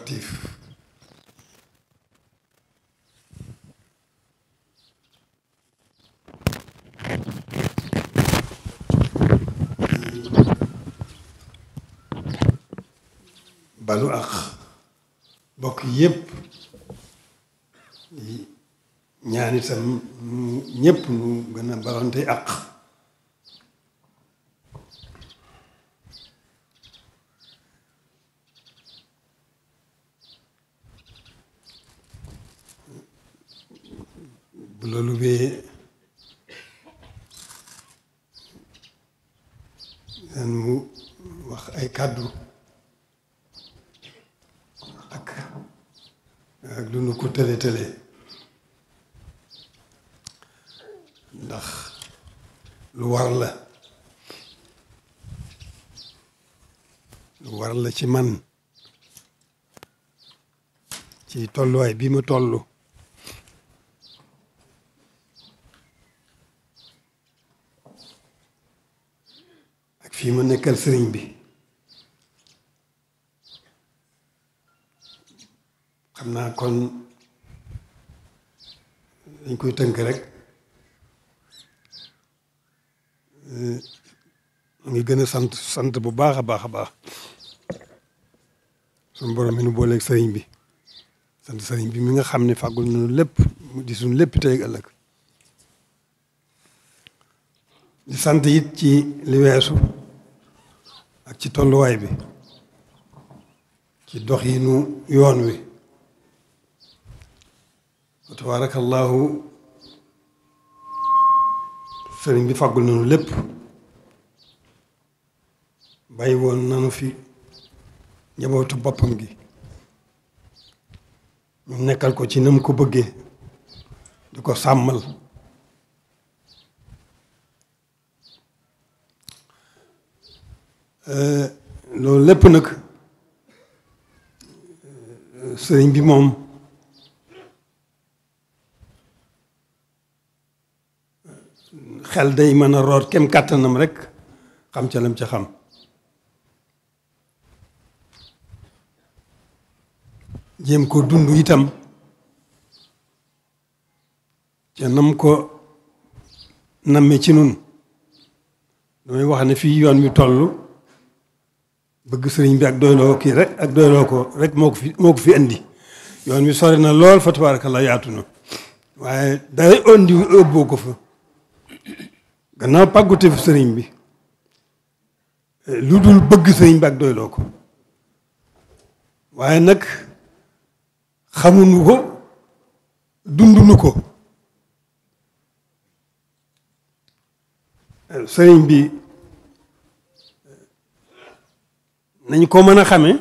actif balu ak bokk yépp ñaan itam ñépp nu gën a balante ak ndax lu war la lu war la ci man ci tolluwaay bii ma tollu ak fii ma nekkal sëriñ bi xam naa kon dañ koy tënk rek Euh, ngi gën a sant sant bu baax a baax a baax suñu borom mi nu booleeg sëriñ bi sant sëriñ bi mi nga xam ne fàggul nañu lépp di suñu lépp tey ak ëllëg di sant it ci li ak ci tolluwaay bi ci dox yi yoon wi wa tabaarakallahu sëriñ bi fàggul nañu lépp bàyyi woon nañu fi njabootu boppam gi ñu nekkal ko ci nam ko bëgge di ko sàmmal euh, loolu lépp nag euh, sëriñ bi moom xel day mën a root kem kàttanam rek xam ca lam ca xam jéem ko dund itam ca nam ko namme ci nun damay wax ne fii yoon wi toll bëgg sëriñ bi ak doyloo kii rek ak doyloo ko rek moo ko fi moo ko fi indi yoon wi sori na lool fa tabaaraka la yaatu na waaye dara indi yóbboo ko fa gannaaw pàgguteef sëriñ bi lu dul bëgg sëriñ bi ak doyloo ko waaye nag xamuñu ko dunduñu ko sëriñ bi nañ ko mën a xame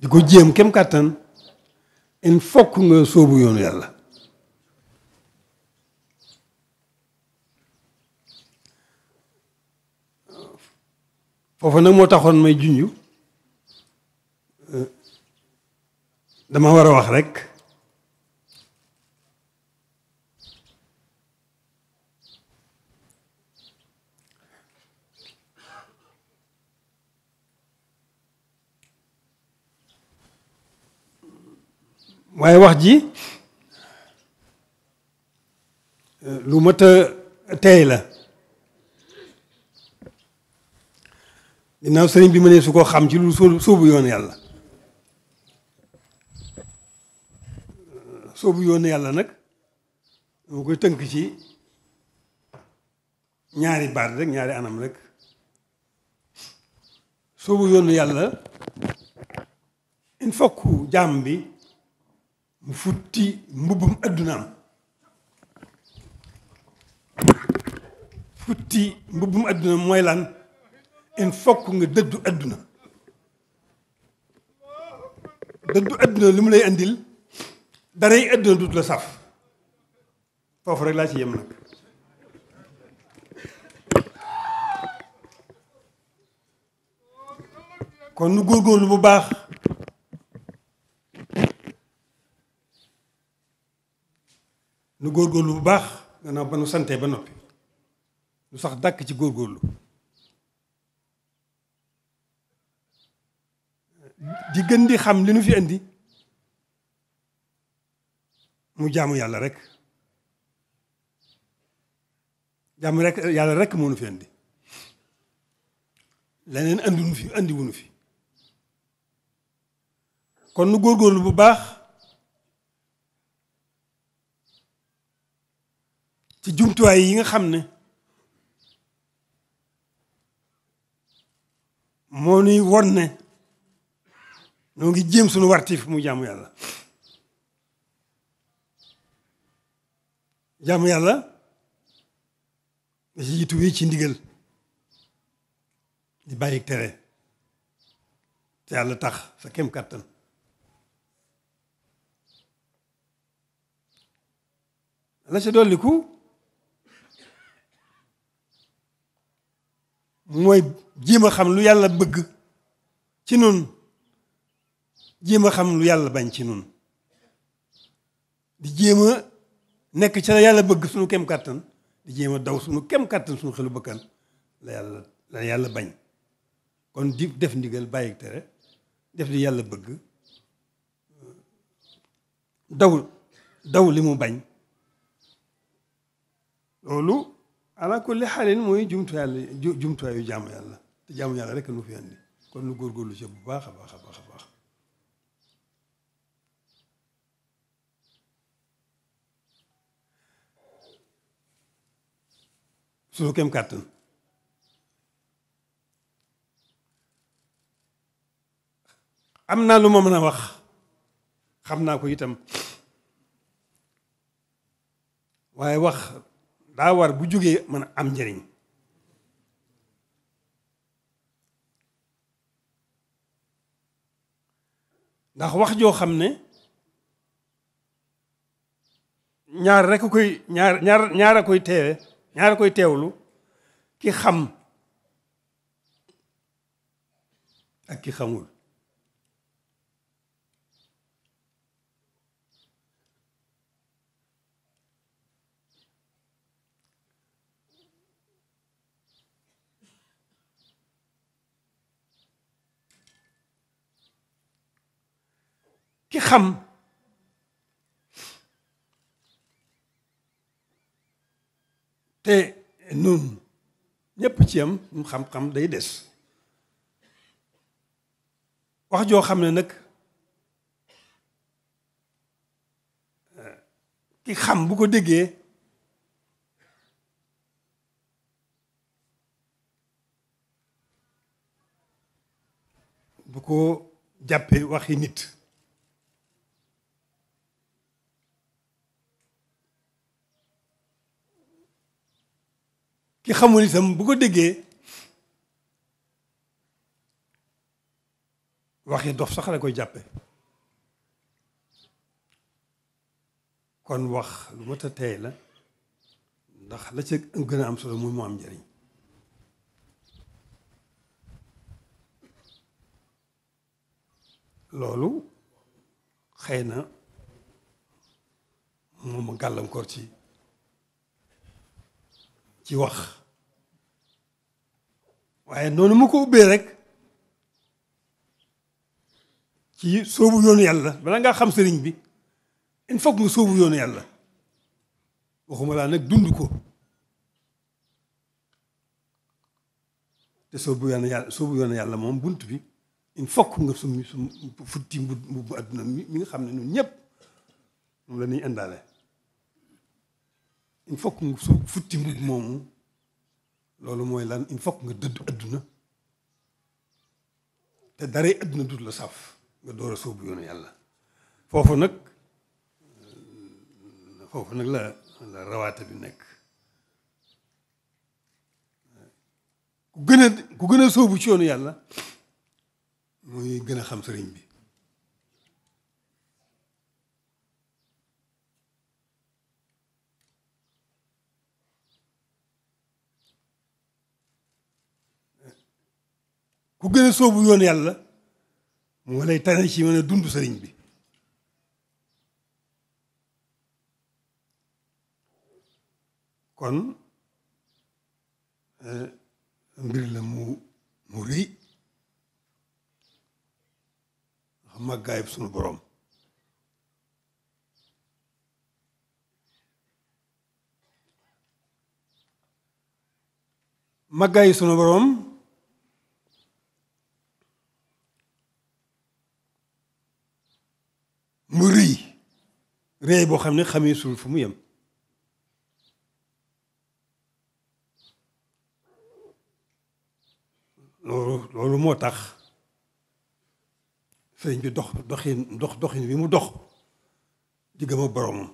di ko jéem kem kàttan il faut nga sóobu yoonu yàlla foofu nag moo taxoon may junju eh, dama war a wax rekk waaye wax ji eh, lu mat a tey la ginnaaw sëriñ bi ma ne su ko xam ci lu sóobu yoon yàlla soobu yoon yàlla nag moo koy tënk ci ñaari baat rek ñaari anam rek sóobu yoonu yàlla il faut que jaam bi mu futti mbubbum addunaam futti mbubbum addunaam mooy lan il faut nga dëddu àdduna dëddu adduna li mu lay dara daray adduna dut la saf foofu rek laa ci yem nag kon nu góorgóorlu bu baax nu góor góorgóorlu bu baax gannaaw ba nu santee ba noppi nu sax dàkk ci góor góorlu di xam li nu fi indi mu jaamu yàlla rekk jaamu rek yàlla rek moo nu fi indi leneen andi nu fi andi wunu fi kon nu góorgóorlu bu baax ci jumtuwaay yi nga xam ne moo nuy won ne noo ngi jéem suñu wartif mu jaamu yàlla jaamu yàlla da ci jiitu wii ci ndigal di bàyyi tere te yàlla tax sa kem kàttan la ca dolliku mooy jéem xam lu yàlla bëgg ci noonu jéem a xam lu yàlla bañ ci noonu di jéem a nekk ci la yàlla bëgg sunu kem kàttan di jéem a daw suñu kem kàttan suñu xelu bëkkan la yàlla la yàlla bañ kon di def ndigal bàyyi tere def li yàlla bëgg euh, daw daw li mu bañ loolu ala kulli xaalin mooy jumtuwaay jumtuwaayu jaamu yàlla te jaamu yàlla rek nu fi andi kon nu góorgóorlu ci bu baax a baax a baax suñu kem kàttan am naa lu ma mën a wax xam naa ko itam waaye wax daa war bu jógee mën a am njëriñ ndax wax joo xam ne ñaar rekk koy ñaar ñaar ñaar koy teewe ñaara koy teewlu ki xam ak ki xamul ki xam te nun ñépp ci am xam-xam day des wax joo xam ne nag eh, ki xam bu ko déggee bu ko jàppee waxi nit ki xamul itam bu ko déggee wax dof sax saxare koy jàppe kon wax lu mat a tey la ndax la ca gën a am solo muy mu am njëriñ loolu xëy na moom gàllankoor ci ci wax waaye noonu mu ko ubbee rek ci sóobu yoonu yàlla bala ngaa xam sëriñ bi il faut que nga sóobu yoonu yàlla waxuma laa dund ko te sóobu yoonu yàlla sóobu yoonu yàlla moom bunt bi il faut que nga summi sum futti mbubbu adduna mi nga xam ne ñun ñëpp moom la ñuy indaale il faut que nga futti mbubb moomu loolu mooy lan il faut nga dëdd adduna te daree adduna dut la saf nga door a sóobu yoonu yàlla foofa nag foofu nag la la rawaate bi nekk ku gën ku gën a sóobu ci yoonu yàlla muy gën a xam sëriñ bi ku gën a sóobu yoon yàlla moo lay tane ci mën a dund sariñ bi kon eh, mbir la mu mu rëy xam màggaayub sunu boroom màggaayu sunu boroom mu rëy rëy boo xam ne xamee suul fu mu yem loolu loolu moo tax sëriñ bi dox doxin dox doxin bi mu dox diggam ak boromam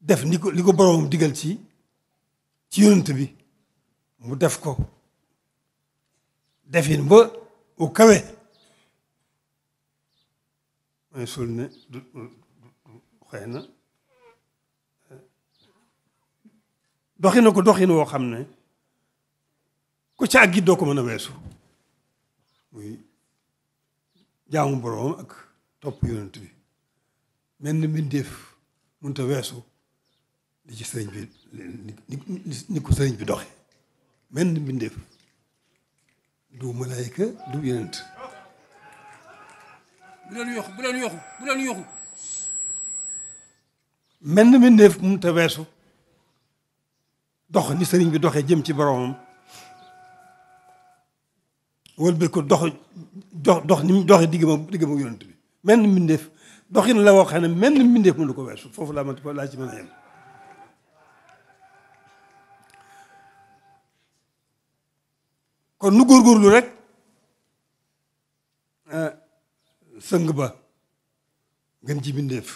def ni ko li ko boromam digal ci ci yonent bi mu def ko defin ba u kawe mooy suul ne du xëy na eh, doxina ko doxin woo xam ne ko ca àgg doo ko mën a weesu muy jaamu borom ak topp yonent bi mel ni mbindeef mënut a weesu li ci sëriñ bi ni sëriñ bi doxe mel ni du malaayka du yonent bu leen yoxu bu leen yoxu yoxu mel na mbindeef mu weesu dox ni sëriñ bi doxee jëm ci boromam wal bi ko dox dox dox ni mu doxee digg ma digg ma yonent bi mel na mbindeef doxin la woo xam ne mel na mbindeef ko weesu foofu laa ma laa ci mën a yem kon nu góorgóorlu rek eh, sëng ba ngeen ji bindeef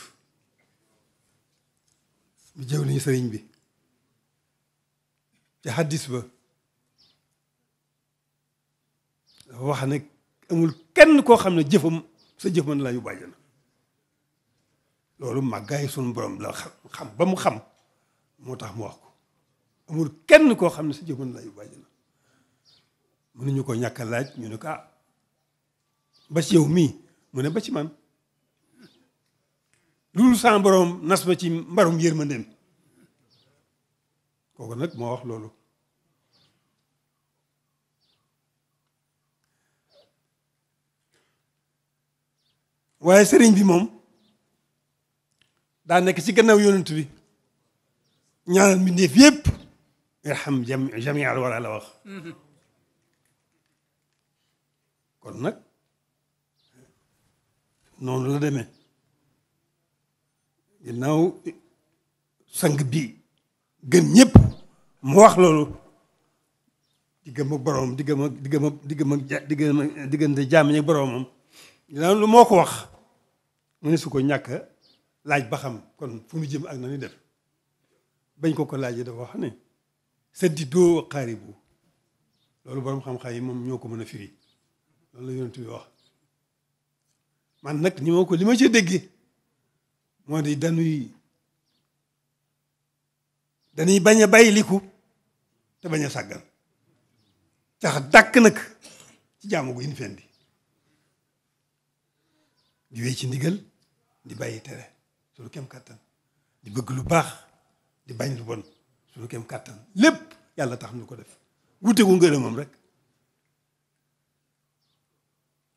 mu jëw liñu sëriñ bi ci xaddis ba dafa wax ne amul kenn koo xam ne jëfam sa jëf mën laa yóbbu àjjana loolu màggaay sunu borom la xam ba mu xam moo tax mu wax ko amul kenn koo xam ne si jëf mën laa yóbbu àjjana mënuñu ko ñàkka laaj ñu ne ko ah, ba ci yow mii mu ne ba ci man loolu sa borom nas ma ci mbarum yërmandeem kooku nag moo wax loolu waaye sëriñ bi moom daa nekk ci gannaaw yonent bi ñaanal mbindeef yépp irham jami al wara wax mm-hmm. kon nag noonu la deme ginnaaw sang bi gën ñëpp mu wax loolu diggam ak boroomam diggam ak diggam ak digg ak ja diggam diggante jaam ñi ak boroomam ginnaaw lu moo ko wax mu ne su ko ñàkk laaj ba xam kon fu nu jëm ak na ni def bañ ko ko laajee dafa wax ne seddi doo xaari bu loolu boroom xam-xam yi moom ñoo ko mën a firi loolu la yonent bi wax man nag ñi ma ko li ma ci dégg moo di danuy dañuy bañ a bàyyiliku te bañ a sàggan cax dàkk nag ci jaamu gu in fendi di wéy ci ndigal di bàyyi tere suñu kem kàttan di bëgg lu baax di bañ lu bon suñu kem kàttan lépp yàlla tax ñu ko def wute gu ngërëmam rek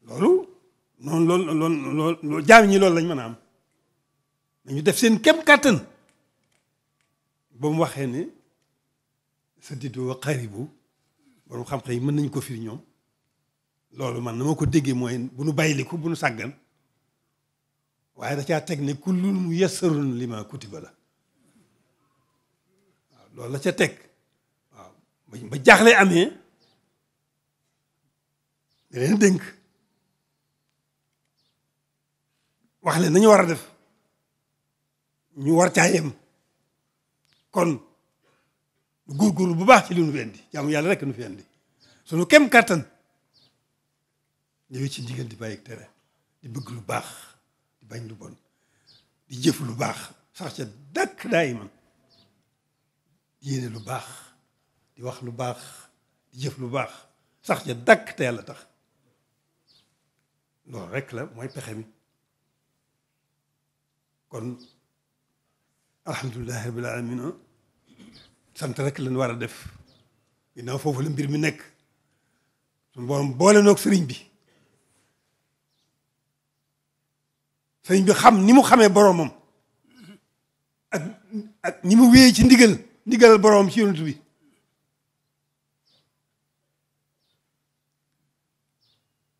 loolu noonu loolu loolu loolu loolu jaam lañ mën a am dañu def seen kem kàttan ba mu waxee ne sa didu wa xaribu borom xam mën nañ ko firi ñoom loolu man na ma ko déggee mooy bu nu bàyyiliku bu nu waaye da caa teg ne kullun mu yassarun la loolu la ca teg waaw ba jaaxle amee da leen wax leen nañu war a def ñu war caa yem kon góorgóorlu bu baax ci li nu fi indi jaamu yàlla rek nu fi indi sunu kem kàttan ñëwee ci ndigal di bàyyi tere di bëgg lu baax di bañ lu bon di jëf lu baax sax ca dàkk daay man di yéene lu baax di wax lu baax di jëf lu baax sax ca dàkk te yàlla tax loolu rek la mooy pexe mi kon alhamdulilahi rabbil alamina sant rek lañ war a def ginnaaw foofu la mbir mi nekk suñu boole noog sëriñ bi sëriñ bi xam ni mu xamee boromam ak ni mu wéyee ci ndigal ndigal boromam ci yonent bi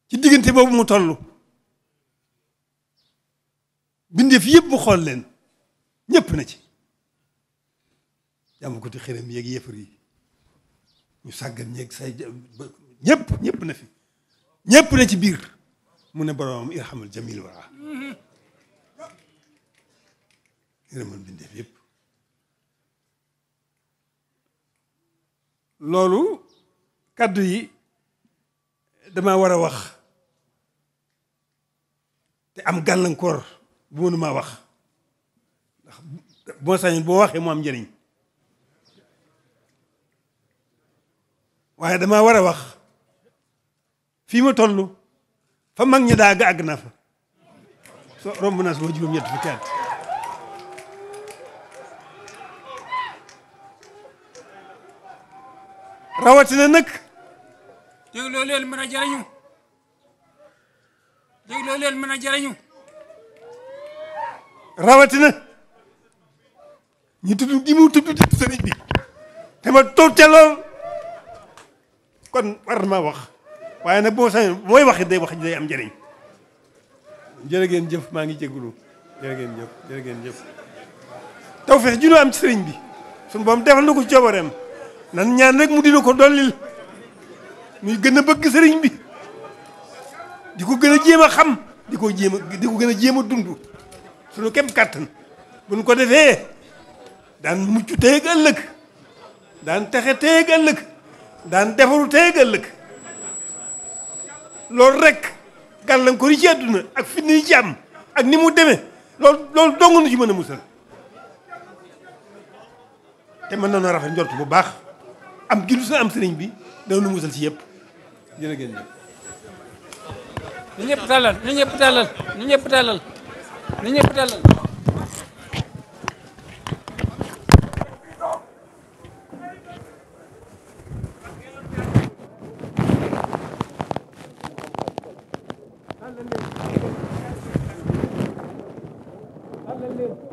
ci diggante boobu mu toll bindeef yëpp mu xool leen ñëpp na ci jàmm ko ti xërëm yeeg yëfar yi ñu sàggan ñeeg ñëpp ñëpp na fi ñëpp na ci biir mu ne boroomam irhamal jamil wara yërëmal bindeef yëpp loolu kàddu yi dama war a wax te am gàllankoor bu mënumaa wax ndax bu ma sañoon boo waxee mu am njëriñ waaye damaa war a wax fii ma tollu fa mag ñi daa àgg naa fa so romb naa sama juróom-ñett fukki at rawatina nag. dégloo leen mën a jariñu dégloo leen mën a jariñu. rawatina ñu tudd ñi mu tudd ci sëriñ bi te ma tuut ca kon war maa wax waaye nag boo sañoon mooy wax day wax day am njëriñ jërë ngeen jëf maa ngi jégalu jërë ngeen jëf jërë ngeen jëf ju ñu am sëriñ bi suñu boom defal na ko coobareem nan ñaan rek mu dina ko dollil muy gën a bëgg sëriñ bi di ko gën a jéem a xam di ko jéem a di ko gën a jéem a dund suñu kem kàttan buñ ko defee daan mucc téeg ëllëg daan texe téeg ëllëg daan defaru téeg ëllëg loolu rek gàllankoor yi ci àdduna ak fitna yi ci am ak ni mu demee loolu loolu dong ci mën a musal te mën na noo rafet njort bu baax am gilu sa am sëriñ bi dana nu musal ci yëpp jërë ngeen jëf. nu ñëpp tàllal nu ñëpp tàllal tàllal ni ñëpp tellal Hallelujah.